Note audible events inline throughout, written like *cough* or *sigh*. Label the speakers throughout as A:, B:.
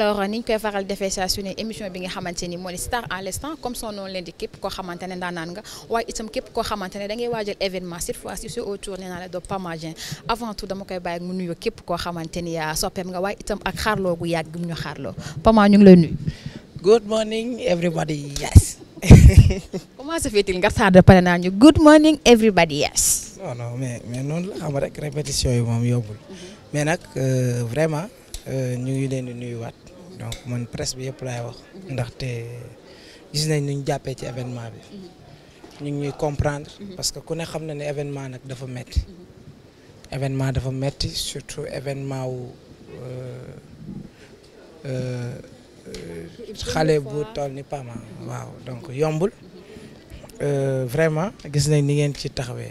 A: alors niñ koy faral defee saa su ne émission bi nga xamante ni moo di Star à l'instant comme son nom l'indique képp koo xamante ne ndaanaan nga waaye itam képp koo xamante ne da ngay waajal événement cette fois ci autour nee naa la doo Pama avant tout dama koy bàyyi mu nuyoo képp koo xamante ni yaa ah, soppeem nga waaye itam ak xaarloo gu yàgg mu ñu xaarloo Pama ñu ngi lay nuyu. good morning everybody yes. *laughs* comment ça fait-il nga tardé pare naa ñu good morning everybody yes.
B: non non mais mais noonu la xam rek répétition yi moom yombul. Mm-hmm. mais nag euh, vraiment. Euh, ñu ngi leen di nuyuwaat donc mon presse bi yëpp laay wax ndaxte gis nañ ni ñu jàppee ci événement bi ñu ngi comprendre mhm. parce que ku ne xam na événement nag dafa metti mhm. événement dafa metti surtout événement wu euh, euh, xale bu toll ni Pama mhm. waaw donc yombul vraiment gis nañ ni ngeen ci taxawee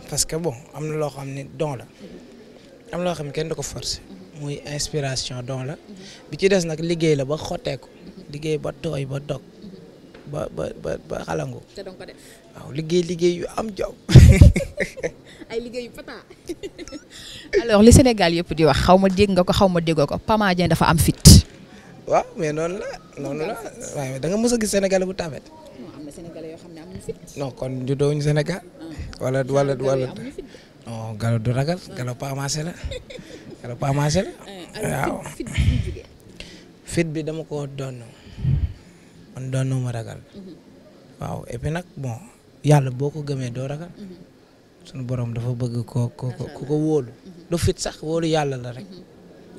B: parce que bon am lo don la am lo inspiration don la bi ci dess nak liggéey la ba ko liggéey ba toy ba dog ba ba ba don ko def waaw liggéey liggéey yu am
A: *laughs* ay liggéey yu *laughs* alors le Sénégal yëpp di wax xawma dégg nga ko xawma ma ko Pama Dieng dafa am fit.
B: waaw mais non la noonu la da nga Sénégal bu non
A: am na fit.
B: non kon Sénégal. wala wala wala. non Gallo du ragal Gallo pas amassé la Gallo pas la. waaw fit bi dama ko doon man doon ma mhm. waaw et puis yàlla boo ko gëmee doo ragal. Mhm. sunu borom dafa bëgg ko ko ko ko wóolu. Mhm. du fit sax wóolu yàlla la rek.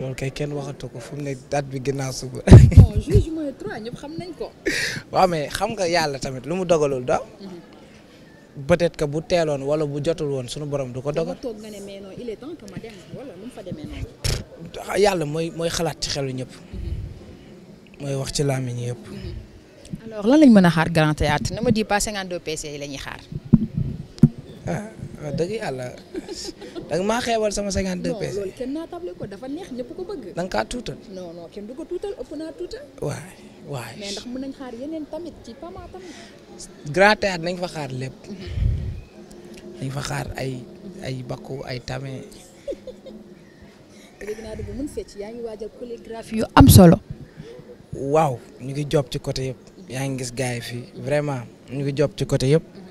B: loolu kay kenn waxatu ko fu mu ne date bi ginnaaw suba.
A: bon xam nañ ko.
B: waaw mais xam nga yàlla tamit lu mu dogalul daal.
A: Mhm.
B: peut-être que bu teeloon wala bu jotul woon sunu borom du ko dogal. Ah, yàlla mooy mooy xalaat ci xelu ñëpp. Mhm. mooy wax ci làmmiñ yëpp. Mhm.
A: alors lan lañ mën a xaar grand théâtre ma di pas 52 PC yi la ñuy xaar. Ah. waaw dëgg yàlla danga maa xeebal sama 52 peese. non loolu kenn naa dafa neex ñëpp ko bëgg. da kaa tuutal. non non kenn du tuutal ëpp naa tuutal. waay waay. ndax mën nañ xaar yeneen tamit ci Pama tamit.
B: Grand Théâtre nañ fa xaar lépp. dañ fa xaar ay ay bakku ay tame.
A: léegi *laughs* yu am solo.
B: waaw ñu ngi joob ci côté yëpp. yaa ngi gis gars yi fii vraiment ñu ngi job ci côté yëpp.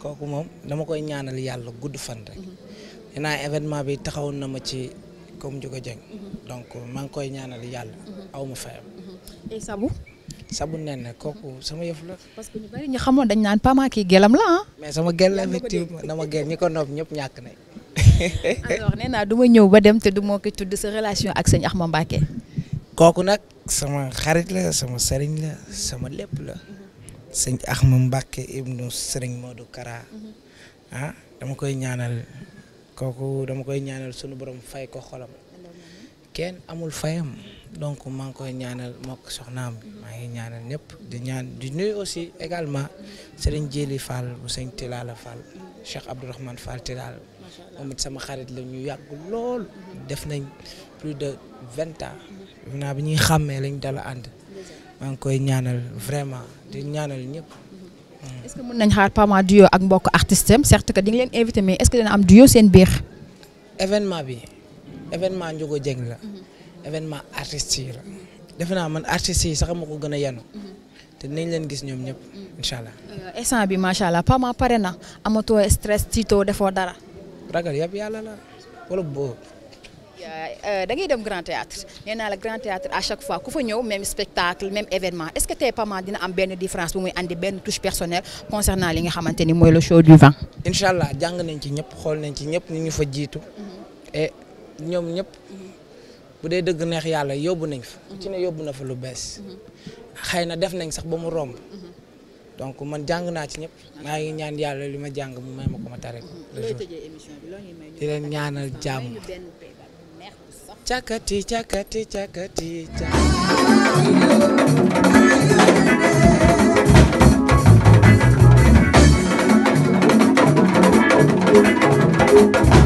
B: koku mom dama koy ñaanal yalla gudd fan rek mhm. dinaa événement bi taxawoon na ma ci comme Ndiouga jeng. Mhm. donc maa ngi koy ñaanal yalla mhm. awma ma fayam et sabu sabu nen koku sama yef la parce que ñu
A: bari ñu xamoon dañ nane Pama ki gelam la ah. mais sama gel la effectivement
B: dama gel ñi ko nopp ñep
A: ñak nañ *laughs* alors nena duma ñew ba dem te du moko tudd sa relation ak seigne Axma mbake
B: koku nak sama xarit la sama serigne la sama lepp la Saint Ahmed Mbacke Ibn Modou Kara ah dama koy ñaanal dama koy ñaanal borom fay ko xolam amul fayam donc koy ñaanal mok ngi ñaanal di ñaan di aussi également Serigne Djeli Fall Tilala Fall Cheikh Abdourahmane Fall la plus de 20 ans maa koy ñaanal vraiment di ñaanal ñëpp. est
A: que mun nañ xaar Pama dio ak mbokk artiste am certes que di nga leen invité mais est-ce que dina am duo seen biir.
B: événement bi événement Ndiogo Dieng la. événement artistes yi la. defe naa man artistes yi sax ma ko gën a yanu. te nañ leen gis ñoom ñëpp. incha allah
A: euh, instant bi macha allah Pama pare na amatoo stress tiitoo defoo dara.
B: ragal yëpp yàlla la wala boo
A: Euh, da ngay dem grand théâtre nee naa la grand théâtre à chaque fois ku fa ñëw même spectacle même événement est-ce que tey Pama dina am benn différence bu muy andi benn touche personnelle concernant li nga xamante ni mooy le show du vent. incha allah jàng nañ ci ñëpp xool nañ ci ñëpp ñu ñu fa jiitu. Mm-hmm. et ñoom ñëpp mm-hmm. bu dee dëgg neex
B: yàlla yóbbu nañ fa. ci ne mm-hmm. yóbbu na fa lu bees. xëy na def nañ sax ba mu romb. donc man jàng naa ci ñëpp maa ngi ñaan yàlla li ma jàng mu may ma ko ma tare. di leen ñaanal jàmm. Chakati, chakati,
A: chakati, chakati.